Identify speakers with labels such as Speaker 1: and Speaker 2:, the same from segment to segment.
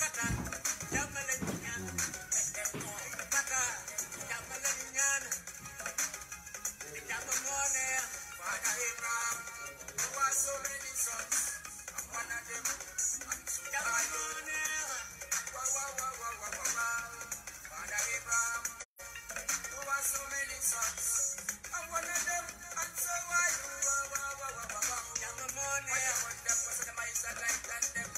Speaker 1: Like that,
Speaker 2: them.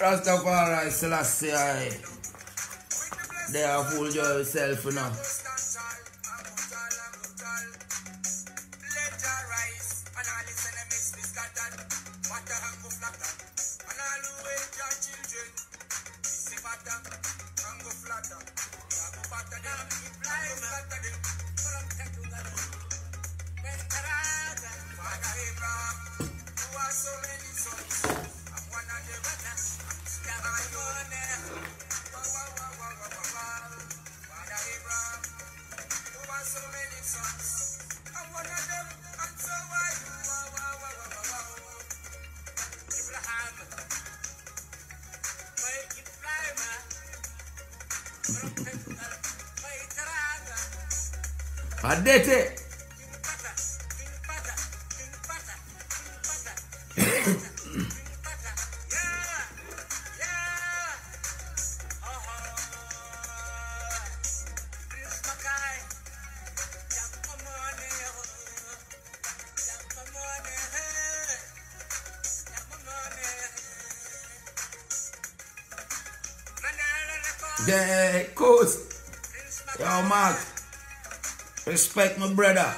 Speaker 3: Rastafari, Selassie, I. They are fool yourself, now.
Speaker 2: addete brother.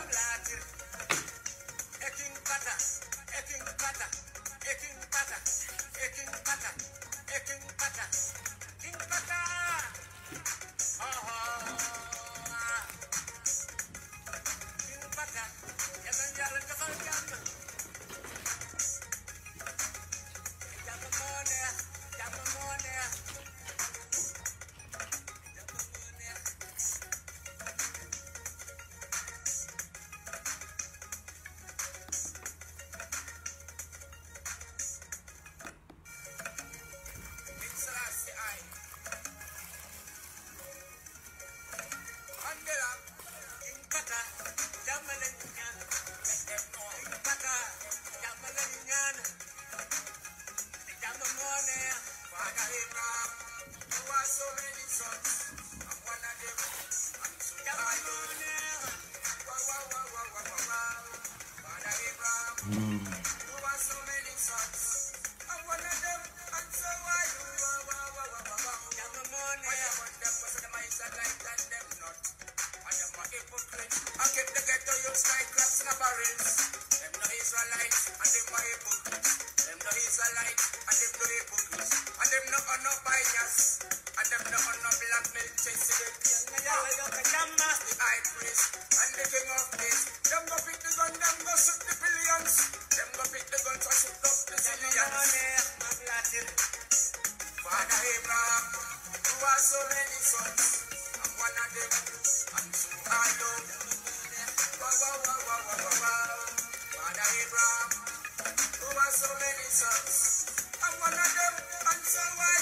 Speaker 2: Father Abraham, you so many sons. I'm one of them, and Father Abraham, so many sons. I'm one of them, and so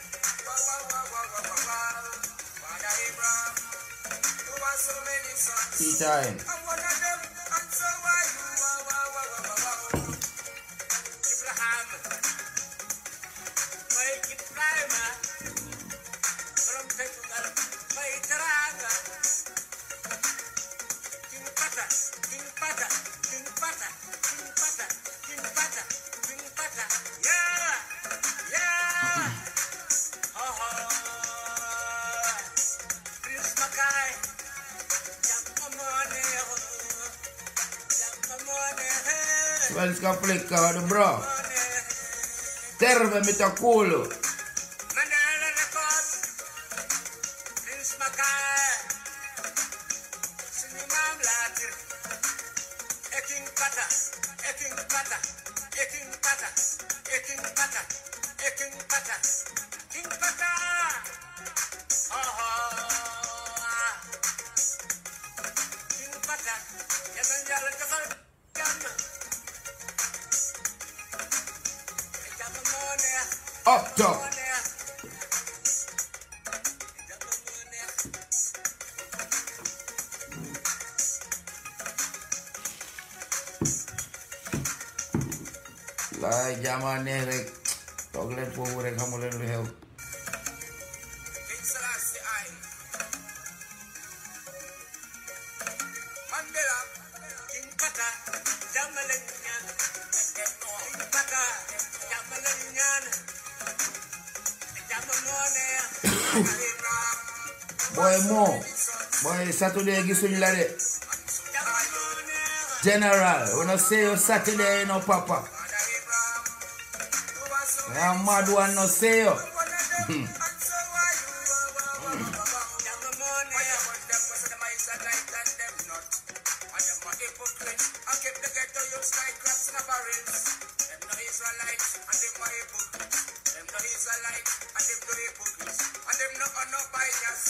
Speaker 3: Tea time. svenska complicado, har Serve bra? Terve mitä up top. laay jaamaa nee rek toog leen foofu rek xamu leen Saturday when I de general una say Saturday you no know, papa am mad one no say yo hmm.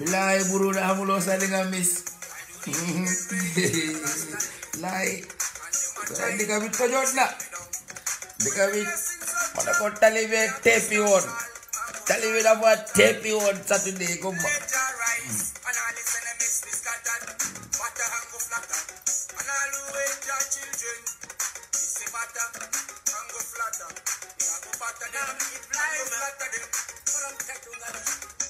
Speaker 3: billahi buruɗo amuloo salinga mis billahi ndika mi toƴoɗna ndika mi oɗa ko talibe tepi on talibe ɗafa tepi on saturday gomma
Speaker 2: Flatter, yeah, go to them, fly, flatter them, but I'm tattooed.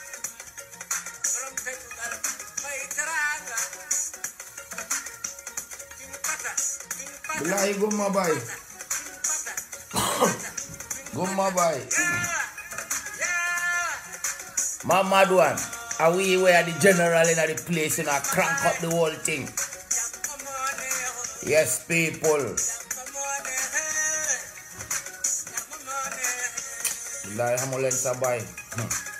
Speaker 3: Belai goma bay. goma My mad one, are we were the general in the place and I crank up the whole thing? Yes, people. Belai hamulen sabay. Hmm.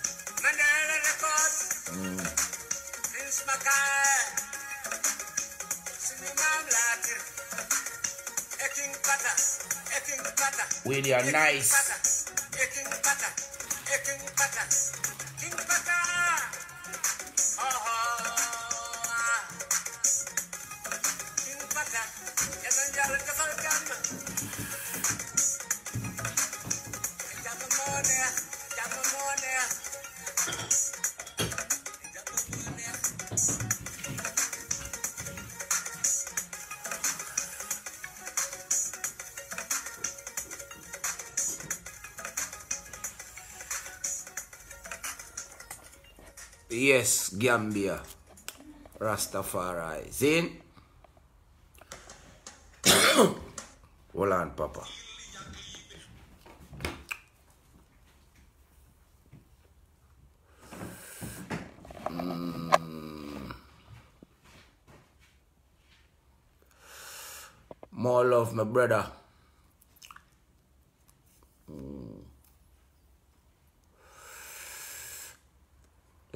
Speaker 1: they are nice.
Speaker 3: Yes, Gambia. Rastafari. Zin. Hold on, Papa. Mm. More love, my brother.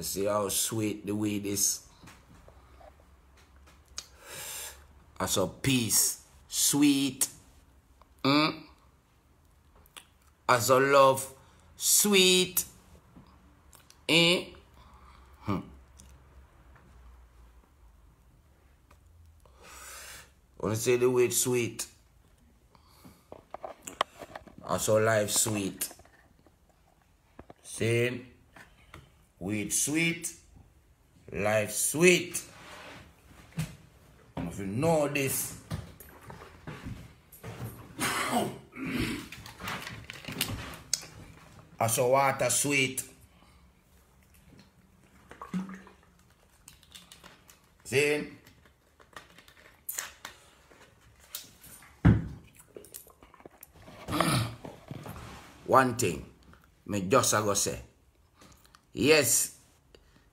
Speaker 3: see how sweet the weed is. I saw peace, sweet. Mm. I saw love, sweet. Eh? Hmm. Wanna say the word sweet? I saw life sweet. See? Weed sweet, life sweet. If you know this, I saw water sweet. See? One thing, me just a go say. yes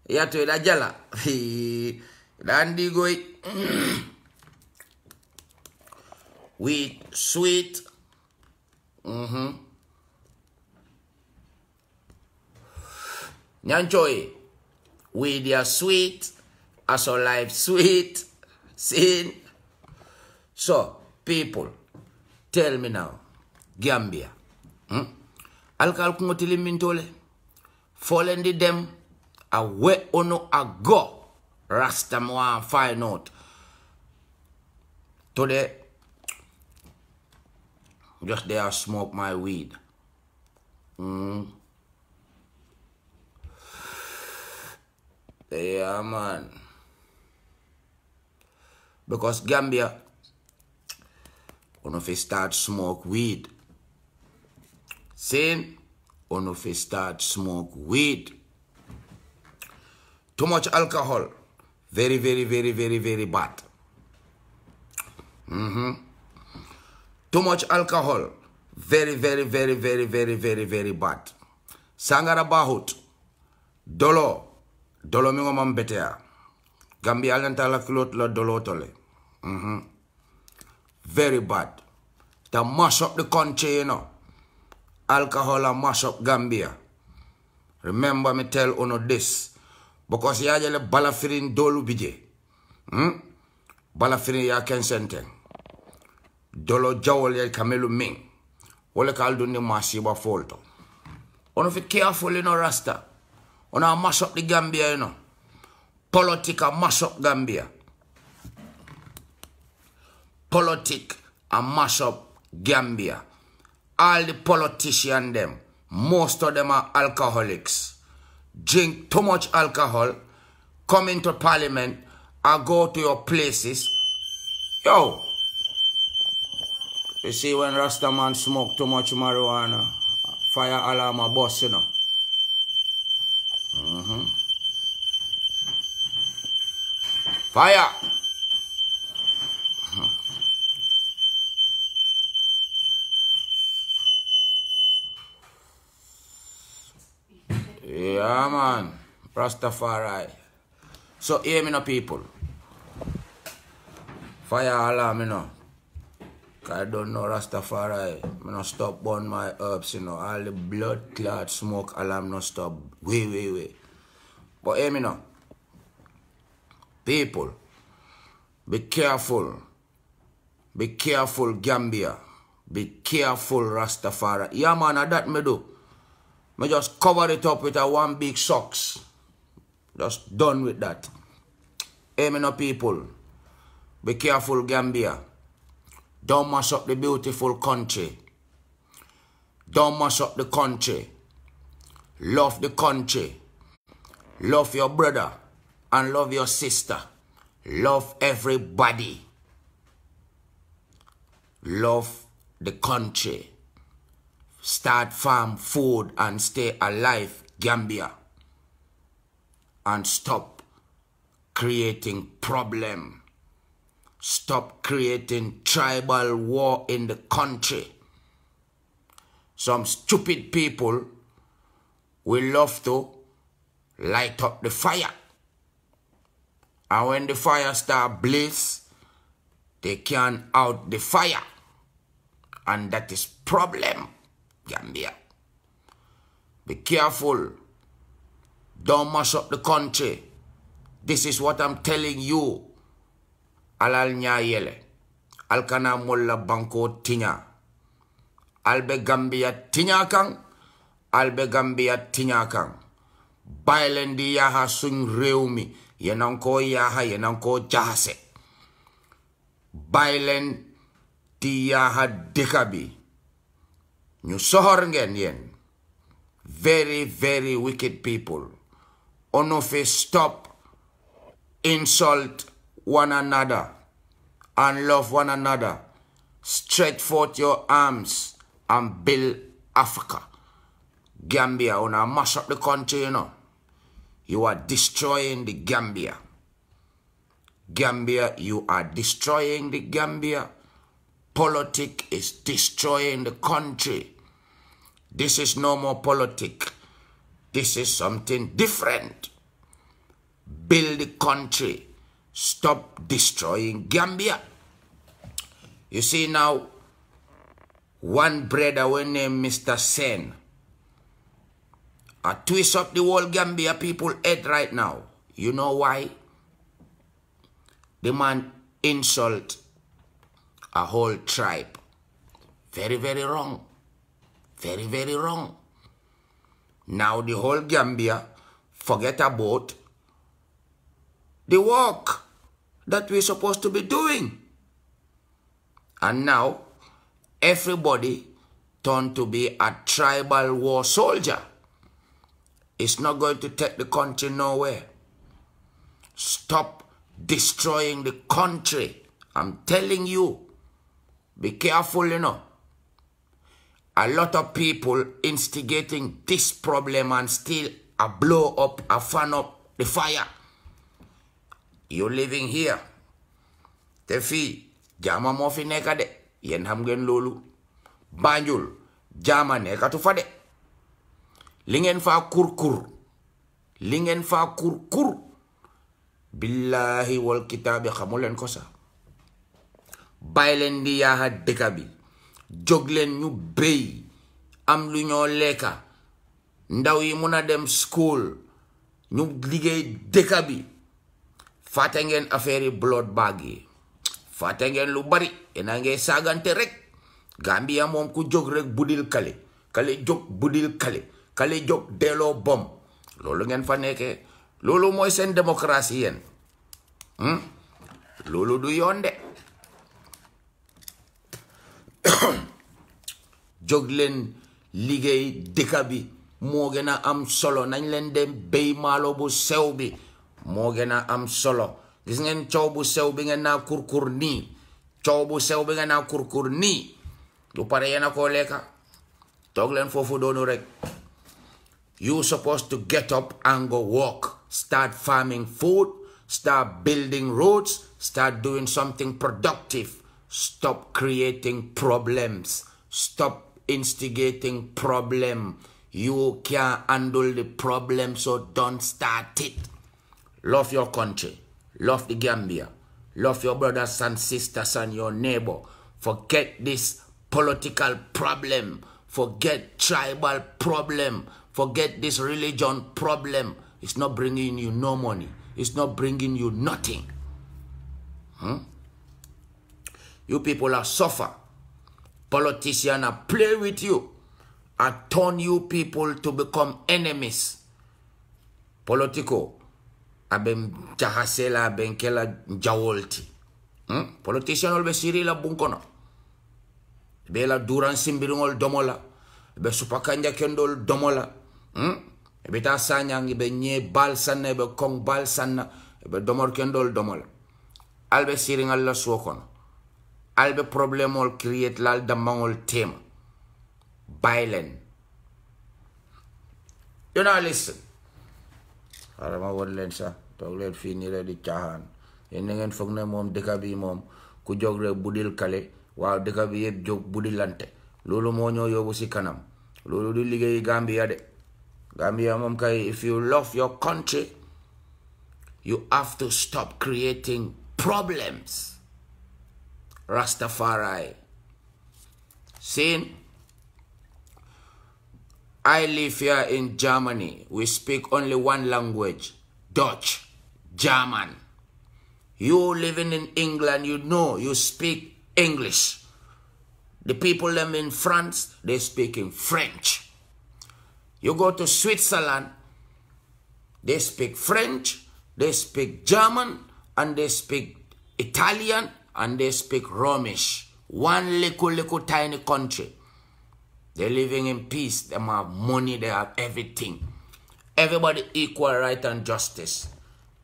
Speaker 3: yato ila jala dandigoy with sweet mm -hmm. nyanchoy with your sweet as a life sweet sin so people tell me now gambia hmm? alkal kuŋo mintole volgende dem awe ono ago rasta mo an find out today just there smoke my weed mm. yeah man because Gambia one of start smoke weed same one of us start smoke weed. Too much alcohol. Very, very, very, very, very bad. Mm -hmm. Too much alcohol. Very, very, very, very, very, very, very bad. Sangara bahut. Dolo. Dolo mingo mambetea. Gambi alantala kilot la dolo tole. Mm -hmm. Very bad. They mash up the country, you know alcohol and mash up Gambia. Remember me tell uno this. Because ya jele balafirin dolu bije. Hmm? Balafirin ya kensenten. Dolo jawol ya kamelu ming. Wole kaldu ni masiba folto. Ono fi careful ino rasta. Ona mash up the Gambia ino. Politica mash up Gambia. Politic and mash up Gambia all the politician them, most of them are alcoholics. Drink too much alcohol, come into parliament, and go to your places. Yo, you see when Rastaman smoke too much marijuana, fire alarm a bus, you know. Mm -hmm. Fire! Yeah, man. Rastafari. So, hear me no people. Fire alarm, you know. I don't know Rastafari. I not stop burn my herbs, you know. All the blood clot smoke alarm no stop. Way, way, way. But hear me no. People, be careful. Be careful, Gambia. Be careful, Rastafari. Yeah, man, I that me do. I just cover it up with a one big socks. Just done with that. Amen, people. Be careful, Gambia. Don't mess up the beautiful country. Don't mess up the country. Love the country. Love your brother and love your sister. Love everybody. Love the country start farm food and stay alive Gambia and stop creating problem stop creating tribal war in the country some stupid people will love to light up the fire and when the fire start blaze they can out the fire and that is problem Gambia. Be careful. Don't mash up the country. This is what I'm telling you. Alal nyayele. Alkana mulla banko tinya. Albe Gambia tinya kang. Albe Gambia tinya kang. Bailendi yaha sung reumi. Yenanko yaha yenanko jahase. Bailendi yaha dekabi. Nyusohorngenian, very, very wicked people. Onofe, stop, insult one another, and love one another. Stretch forth your arms and build Africa. Gambia, wanna mash up the country, you know. You are destroying the Gambia. Gambia, you are destroying the Gambia. Politic is destroying the country. This is no more politic. This is something different. Build the country. Stop destroying Gambia. You see now, one brother named Mr. Sen. I twist up the whole Gambia people head right now. You know why? The man insult a whole tribe. Very, very wrong. Very, very wrong. Now the whole Gambia forget about the work that we're supposed to be doing. And now everybody turned to be a tribal war soldier. It's not going to take the country nowhere. Stop destroying the country. I'm telling you. Be careful, you know a lot of people instigating this problem and still a blow up, a fan up the fire. You living here. Tefi, jama mofi neka de. Yen hamgen Banjul, jama neka tu fade. Lingen fa kur kur. Lingen fa kur kur. Billahi wal kitabi xamulen ko sa. dekabi. jóg leen ñu béy am lu ñoo lekka ndaw yi mun a dem school ñu liggéey dëkka bi fàtte ngeen affaire yi blood bag yi fate ngeen lu bari yéena ngee saagante rek Gambia moom ku jóg rek budil kale kale jóg budil bom loolu ngeen fa nekkee loolu mooy seen démocratie yen hmm? loolu du yoon jóg leen liggéey mogena am solo nañ leen dem béy maalo bu sew bi moo am solo gis ngeen coow bu sew bi ngeen naa kurkur nii coow bu sew bi ngeen naa kurkur nii du pare yéen a koo lekka toog leen doonu rek you supposed to get up and go walk start farming food start building roads start doing something productive stop creating problems stop instigating problem. You can't handle the problem, so don't start it. Love your country. Love the Gambia. Love your brothers and sisters and your neighbor. Forget this political problem. Forget tribal problem. Forget this religion problem. It's not bringing you no money. It's not bringing you nothing. Hmm? You people are suffer politician a play with you and turn you people to become enemies. Politico, aben jahasela kela jawolti. Hmm? Politician olbe sirila bunkono. Bela duran simbirungol domola. Be supakanja kendol domola. Hmm? Be ta sanyang be nye balsana be kong balsana be domor kendol domola. Albe siringal la suokono albe problemol create lal damangol tema bailen you know listen arama won len sa tok len fi ni di tiahan en ngeen fogg mom deka mom ku jog budil kale waaw dekabi bi yeb jog budilante Lulu mo nyo yobu si kanam Lulu du liggey gambia de gambia mom kay if you love your country you have to stop creating problems Rastafari, saying, I live here in Germany. We speak only one language, Dutch, German. You living in England, you know, you speak English. The people them in France, they speak in French. You go to Switzerland, they speak French, they speak German, and they speak Italian, and they speak Romish. One little, little tiny country. They're living in peace. They have money. They have everything. Everybody equal right and justice.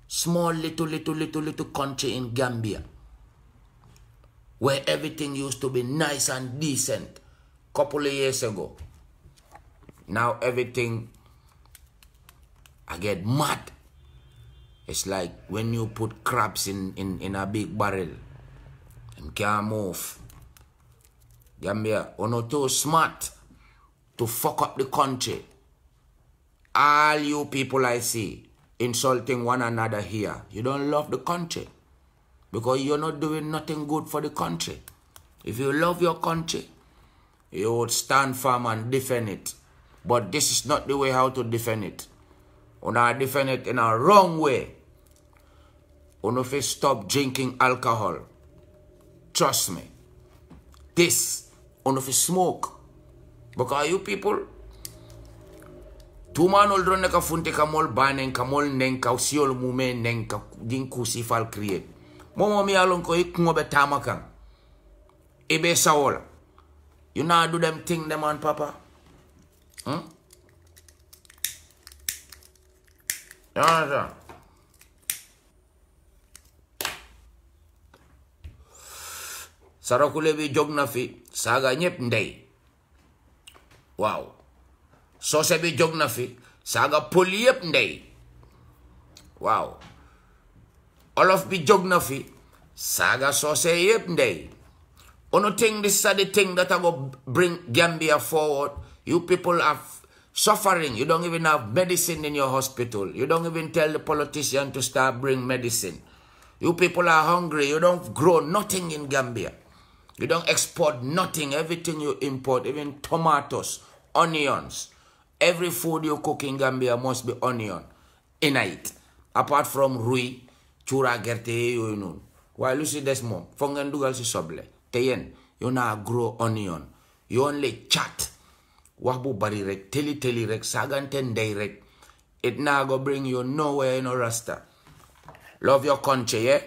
Speaker 3: Small, little, little, little, little country in Gambia. Where everything used to be nice and decent. Couple of years ago. Now everything, I get mad. It's like when you put crabs in, in, in a big barrel them can't move. Gambia, we not too smart to fuck up the country. All you people I see insulting one another here. You don't love the country because you're not doing nothing good for the country. If you love your country, you would stand firm and defend it. But this is not the way how to defend it. Una defend it in a wrong way. you stop drinking alcohol. Trust me. This on of smoke. Because you people, Tuman oldro ne ka funte ka mol banen ka mol nen ka usiol mume nen ka din kusi fal kriye. Momo mi alon ko ik ngobe tamakan. Ebe saola. You know do them thing them on papa. Hmm? You sarakule bi jóg fi ndey Wow. soose bi jóg na fi saaga poli yëpp ndey Wow. olof bi jognafi na fi saaga soose yëpp ndey this is thing that I will bring Gambia forward. You people are suffering. You don't even have medicine in your hospital. You don't even tell the politician to start bring medicine. You people are hungry. You don't grow nothing in Gambia. You don't export nothing. Everything you import, even tomatoes, onions. Every food you cook in Gambia must be onion in it. Apart from rui, chura gerte you know. Why you see this mom? Fongen dugal si soble. Teyen, you na grow onion. You only chat. Wabu bari rek, teli teli rek, saganten day rek. It na go bring you nowhere in Orasta. Love your country, yeah?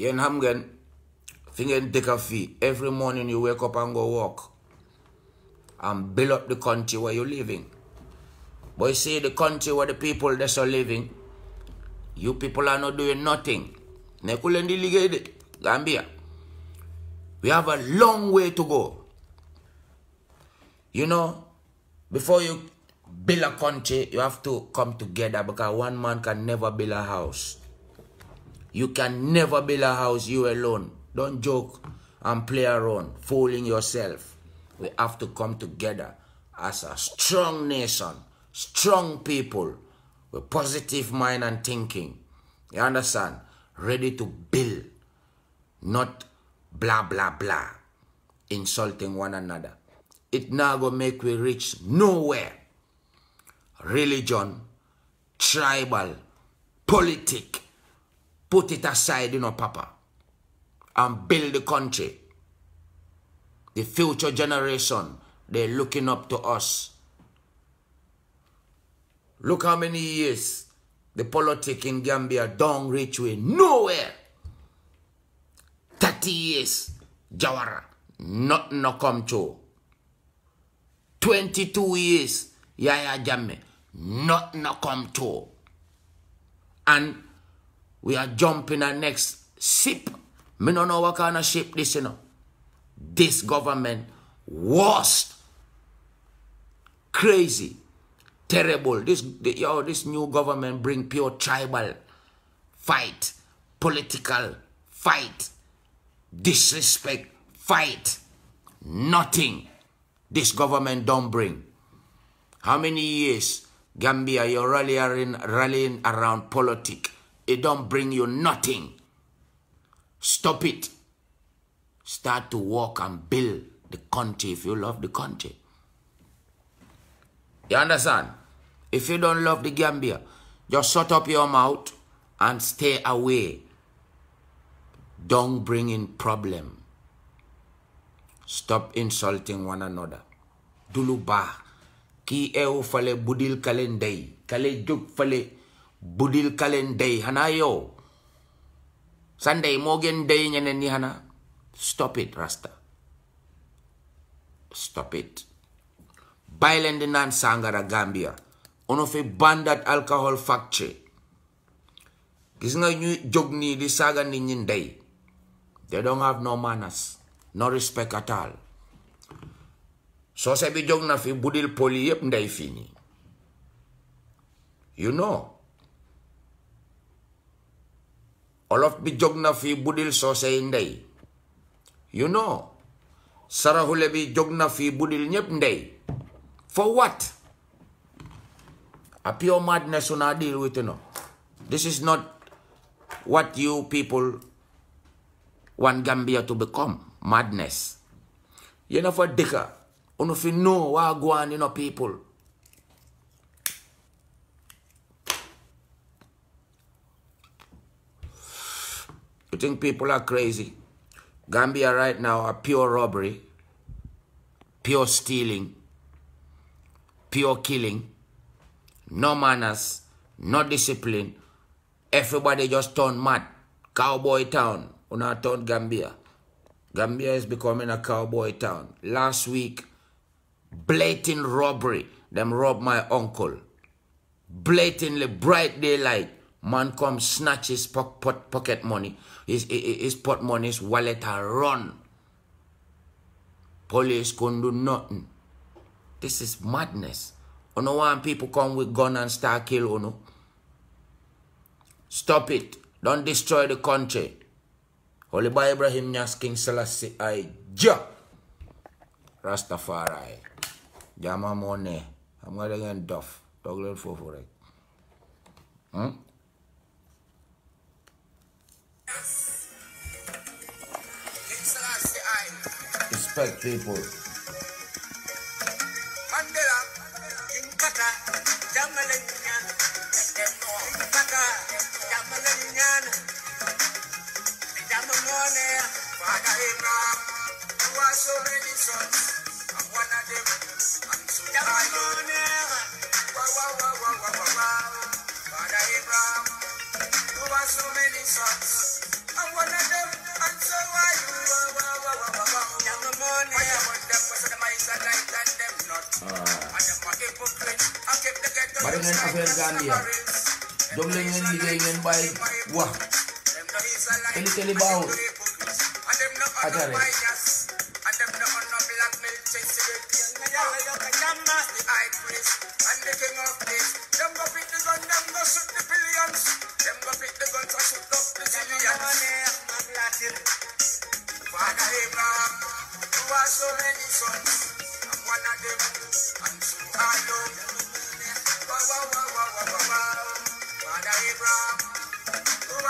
Speaker 3: yéen xam ngeen fi take a fee every morning you wake up and go walk and build up the country where you are living you see the country where the people that's are living you people are not doing nothing Gambia we have a long way to go you know before you build a country you have to come together because one man can never build a house you can never build a house you alone. Don't joke and play around, fooling yourself. We have to come together as a strong nation, strong people with positive mind and thinking. You understand? Ready to build, not blah, blah, blah, insulting one another. It now gonna make we reach nowhere. Religion, tribal, politic Put it aside, you know, Papa, and build the country. The future generation, they're looking up to us. Look how many years the politics in Gambia don't reach we nowhere. 30 years, Jawara, not no come true. 22 years, Yaya Jamme, not no come true. And we are jumping our next ship. Me don't know what kind of ship this, you know. This government, worst, crazy, terrible. This, the, yo, this new government bring pure tribal fight, political fight, disrespect fight. Nothing this government don't bring. How many years, Gambia, you're rallying, rallying around politics? It don't bring you nothing. Stop it. Start to work and build the country if you love the country. You understand? If you don't love the Gambia, just shut up your mouth and stay away. Don't bring in problem. Stop insulting one another. Dulu ba ki e fale budil kale kale juk fale budil kalen day hana yo sunday gen day nyenen ni hana stop it rasta stop it de nan sangara gambia ono fe bandat alcohol factory gis nga ñu jog ni di saga ni ñin day they don't have no manners no respect at all se bi jog na fi budil poli yep day fini you know olof bi jóg na fi budil soose yi ndey you know saraxule bi jóg na fi budil ñëpp ndey for what a pure madness una deal with you know this is not what you people want Gambia to become madness you know for dika unu fi know waa you know people think people are crazy. Gambia right now are pure robbery, pure stealing, pure killing, no manners, no discipline. Everybody just turned mad. Cowboy town, una turned Gambia. Gambia is becoming a cowboy town. Last week, blatant robbery. Them robbed my uncle. Blatantly, bright daylight. Man come snatch his pocket money, his, his pot money, his wallet and run. Police couldn't do nothing. This is madness. On know one people come with gun and start kill you know? Stop it. Don't destroy the country. Holy by Ibrahim Nyas King Selassie I Ja Rastafari Jama money. I'm gonna get duff for it. Hmm? Respect people.
Speaker 2: Mandela,
Speaker 1: King Kaka, Jamalinyan, King Kaka,
Speaker 2: Jamalinyan, Father Abraham, who has so many sons, one of them, and so Jamalone. Ah.
Speaker 3: bari ngeen affaire Gambia jóg leen ngeen liggéey ngeen bàyyi teli teli baaxul acca rek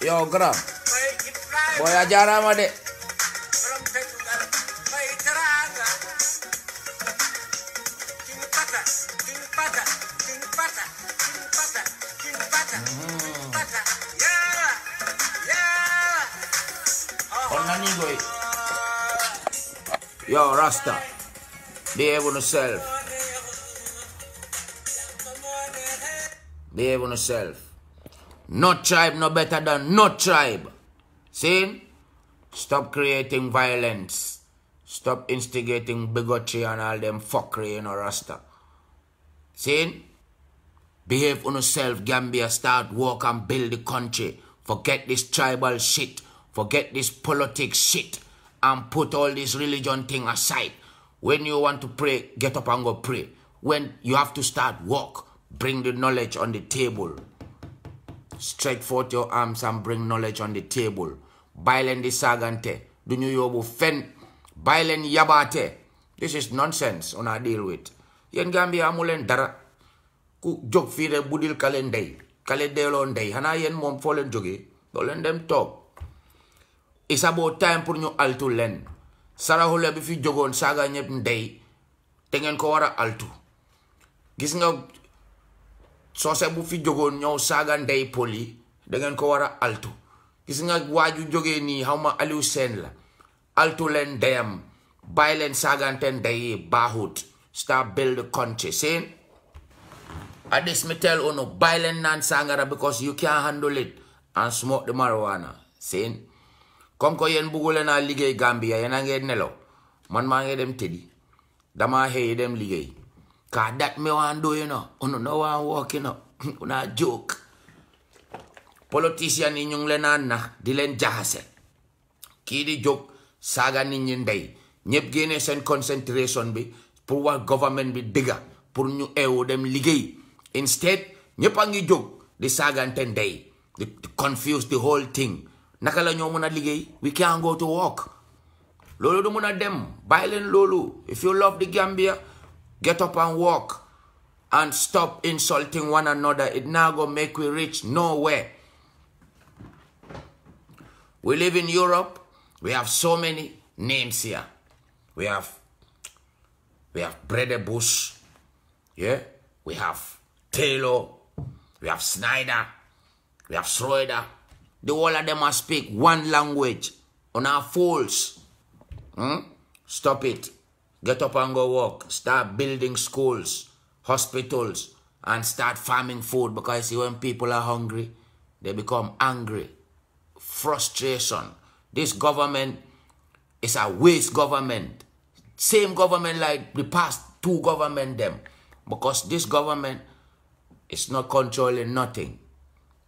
Speaker 3: Yo, gerak. Boy, ajar sama
Speaker 1: Bata, King Bata, King Bata,
Speaker 3: King Bata, King Bata. Mm. Yeah, yeah. Oh, Yo, Rasta, behave on yourself. Behave on yourself. No tribe no better than no tribe. See? Stop creating violence. Stop instigating bigotry and all them fuckery, you know, Rasta. Saying, behave on yourself, Gambia, start work and build the country. Forget this tribal shit. Forget this politics shit. And put all this religion thing aside. When you want to pray, get up and go pray. When you have to start work, bring the knowledge on the table. Stretch forth your arms and bring knowledge on the table. Bailen di sagante. Dunyo yobu fen. Bailen yabate. This is nonsense on our deal with. yéen Gambie amu leen dara ku jóg fii bu budil kale ndey kale deeloo ndey xanaa yéen moom foo leen jógee doo leen dem toog isa boo time pour ñu altu leen saraxule bi fi jógoon saaga ñëpp ndey te ngeen ko war a altu gis nga soose bu fi jógoon ñëw saaga ndey yi da ngeen ko war a altu gis nga waaju jógee nii xaw ma Aliou Sène la altu leen ndeyam bàyyi leen saagante ndey yi baaxut start build the country. See? At this me tell you no violent non-sangara because you can't handle it and smoke the marijuana. See? Kom ko yen bugule na ligay Gambia yen ange nelo. Man mange dem tedi. Dama hey dem ligay. Ka dat me wan do you know. Uno oh, no wan walk you know. Una joke. Politician ni nyung lenan na dilen jahase. Ki di joke saga ni nyindey. Nyep gene sen concentration bi. pour wax government bi bigger? pour ñu eewu dem liggéey instead ñëpp a ngi jóg di saagante ndey confuse the whole thing naka la ñoo mën a we can't go to work loolu du mën dem if you love the Gambia get up and walk and stop insulting one another it now go make we reach nowhere we live in Europe we have so many names here we have we have Bush, yeah, we have Taylor, we have Snyder, we have Schroeder. The all of them are speak one language on our fools. Hmm? Stop it. Get up and go work. Start building schools, hospitals, and start farming food because see when people are hungry, they become angry. Frustration. This government is a waste government. Same government like the past two government them. Because this government is not controlling nothing.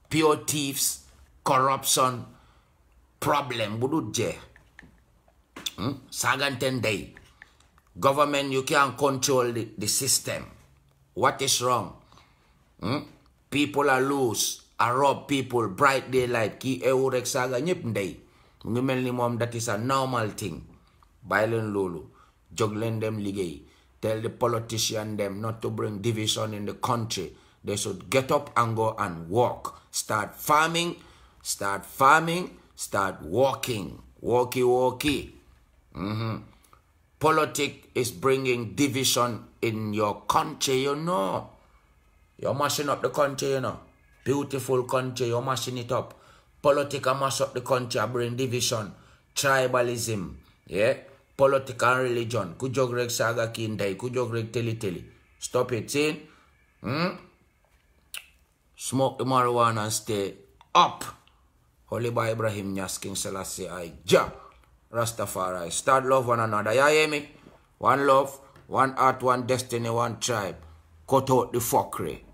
Speaker 3: Pure thieves, corruption, problem. Buduje. Hmm? Saganten day. Government, you can't control the, the system. What is wrong? Hmm? People are loose. are rob people bright daylight. Ki eurek saga nyip day. That is a normal thing. Violent lulu juggling them ligay. Tell the politician them not to bring division in the country. They should get up and go and walk. Start farming, start farming, start walking. Walkie, walkie. Mm -hmm. Politics is bringing division in your country, you know. You're mashing up the country, you know. Beautiful country, you're mashing it up. Politics mash up the country, bring division. Tribalism, yeah politics and religion. Kujog saga kindai, kujog teli teli. Stop it, saying, hmm? Smoke the marijuana and stay up. Holy by Ibrahim Nyaskin Selassie I Ja. Rastafari. Start love one another. Ya hear me? One love, one art, one destiny, one tribe. Cut out the fuckery.